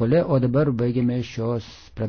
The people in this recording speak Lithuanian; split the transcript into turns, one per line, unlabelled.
kole, o dabar baigėme šios.